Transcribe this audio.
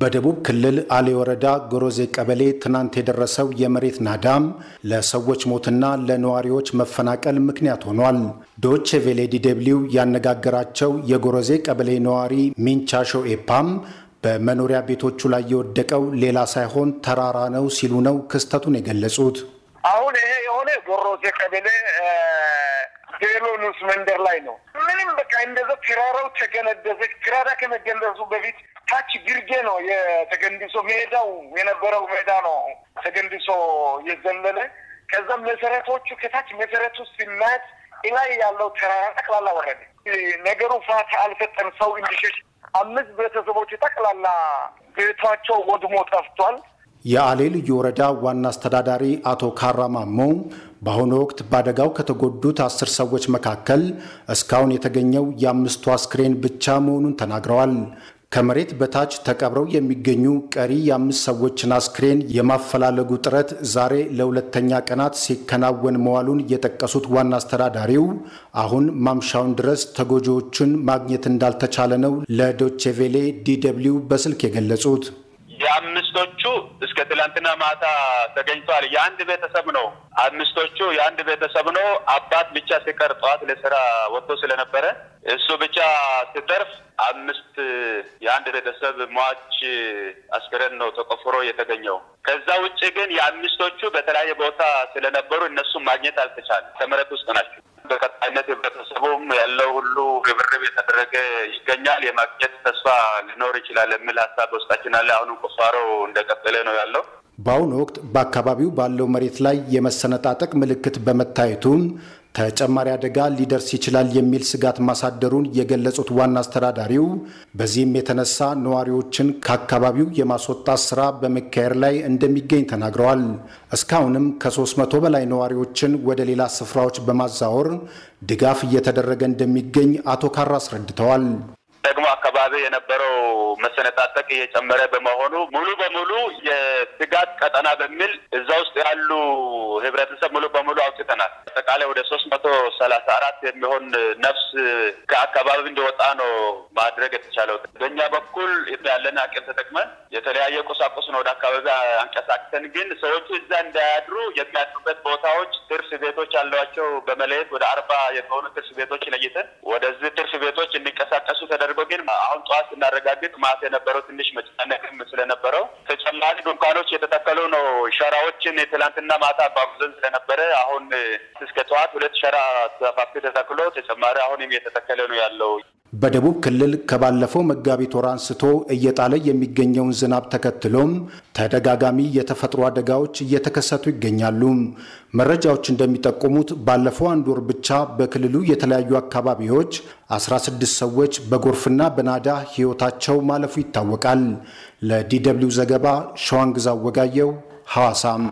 በደቡብ ክልል አሌ ወረዳ ጎሮዜ ቀበሌ ትናንት የደረሰው የመሬት ናዳም ለሰዎች ሞትና ለነዋሪዎች መፈናቀል ምክንያት ሆኗል። ዶቼ ቬሌ ዲደብሊው ያነጋገራቸው የጎሮዜ ቀበሌ ነዋሪ ሚንቻሾ ኤፓም በመኖሪያ ቤቶቹ ላይ የወደቀው ሌላ ሳይሆን ተራራ ነው ሲሉ ነው ክስተቱን የገለጹት። አሁን ይሄ የሆነ ጎሮዜ ቀበሌ ዴሎኑስ መንደር ላይ ነው። ምንም በቃ እንደዛ ተራራው ተገነደዘ። ተራራ ከመገንደዙ በፊት ታች ግርጌ ነው የተገንድሶ ሜዳው የነበረው ሜዳ ነው ተገንድሶ የዘለለ ከዛም መሰረቶቹ ከታች መሰረቱ ሲናት ላይ ያለው ተራራ ጠቅላላ ወረደ። ነገሩ ፋት አልሰጠም። ሰው እንዲሸሽ አምስት ቤተሰቦች ጠቅላላ ቤቷቸው ወድሞ ጠፍቷል። የአሌ ልዩ ወረዳ ዋና አስተዳዳሪ አቶ ካራ ማሞ በአሁኑ ወቅት በአደጋው ከተጎዱት አስር ሰዎች መካከል እስካሁን የተገኘው የአምስቱ አስክሬን ብቻ መሆኑን ተናግረዋል። ከመሬት በታች ተቀብረው የሚገኙ ቀሪ የአምስት ሰዎችን አስክሬን የማፈላለጉ ጥረት ዛሬ ለሁለተኛ ቀናት ሲከናወን መዋሉን የጠቀሱት ዋና አስተዳዳሪው አሁን ማምሻውን ድረስ ተጎጂዎቹን ማግኘት እንዳልተቻለ ነው ለዶቼቬሌ ዲደብሊው በስልክ የገለጹት። አምስቶቹ እስከ ትላንትና ማታ ተገኝተዋል። የአንድ ቤተሰብ ነው። አምስቶቹ የአንድ ቤተሰብ ነው። አባት ብቻ ሲቀር ጠዋት ለስራ ወጥቶ ስለነበረ እሱ ብቻ ሲተርፍ አምስት የአንድ ቤተሰብ ሟች አስክሬን ነው ተቆፍሮ የተገኘው። ከዛ ውጭ ግን የአምስቶቹ በተለያየ ቦታ ስለነበሩ እነሱም ማግኘት አልተቻለም። ተመረት ውስጥ ናቸው። በቀጣይነት ህብረተሰቡም ያለው ሁሉ ርብርብ የተደረገ ይገኛል። የማግኘት ተስፋ ሊኖር ይችላል የሚል ሀሳብ በውስጣችን አለ። አሁንም ቁፋሮ እንደቀጠለ ነው ያለው። በአሁኑ ወቅት በአካባቢው ባለው መሬት ላይ የመሰነጣጠቅ ምልክት በመታየቱም ተጨማሪ አደጋ ሊደርስ ይችላል የሚል ስጋት ማሳደሩን የገለጹት ዋና አስተዳዳሪው በዚህም የተነሳ ነዋሪዎችን ከአካባቢው የማስወጣት ስራ በመካሄድ ላይ እንደሚገኝ ተናግረዋል። እስካሁንም ከ300 በላይ ነዋሪዎችን ወደ ሌላ ስፍራዎች በማዛወር ድጋፍ እየተደረገ እንደሚገኝ አቶ ካራ አስረድተዋል። ደግሞ አካባቢ የነበረው መሰነጣጠቅ እየጨመረ በመሆኑ ሙሉ በሙሉ የስጋት ቀጠና በሚል እዛ ውስጥ ያሉ ህብረተሰብ ሙሉ በሙሉ ሰላሳ አራት የሚሆን ነፍስ ከአካባቢ እንደወጣ ነው ማድረግ የተቻለው። በእኛ በኩል ያለን አቅም ተጠቅመን የተለያየ ነው ወደ አካባቢ አንቀሳቅሰን፣ ግን ሰዎቹ እዛ እንዳያድሩ የሚያድሩበት ቦታዎች ትርፍ ቤቶች አሏቸው በመለየት ወደ አርባ የሚሆኑ ትርፍ ቤቶች ለይተን ወደዚህ ትርፍ ቤቶች እንዲንቀሳቀሱ ተደርጎ፣ ግን አሁን ጠዋት ስናረጋግጥ ማት የነበረው ትንሽ መጨናነቅም ስለነበረው ተጨማሪ ድንኳኖች የተተከሉ ነው። ሸራዎችን ትላንትና ማታ አጓጉዘን ስለነበረ አሁን እስከ ጠዋት ሁለት ሸራ ዛፍ ተተክሎ ተጨማሪ አሁንም እየተተከለ ነው ያለው። በደቡብ ክልል ከባለፈው መጋቢት ወር አንስቶ እየጣለ የሚገኘውን ዝናብ ተከትሎም ተደጋጋሚ የተፈጥሮ አደጋዎች እየተከሰቱ ይገኛሉ። መረጃዎች እንደሚጠቁሙት ባለፈው አንድ ወር ብቻ በክልሉ የተለያዩ አካባቢዎች 16 ሰዎች በጎርፍና በናዳ ሕይወታቸው ማለፉ ይታወቃል። ለዲ ዘገባ ሸዋንግዛ ወጋየው ሐዋሳም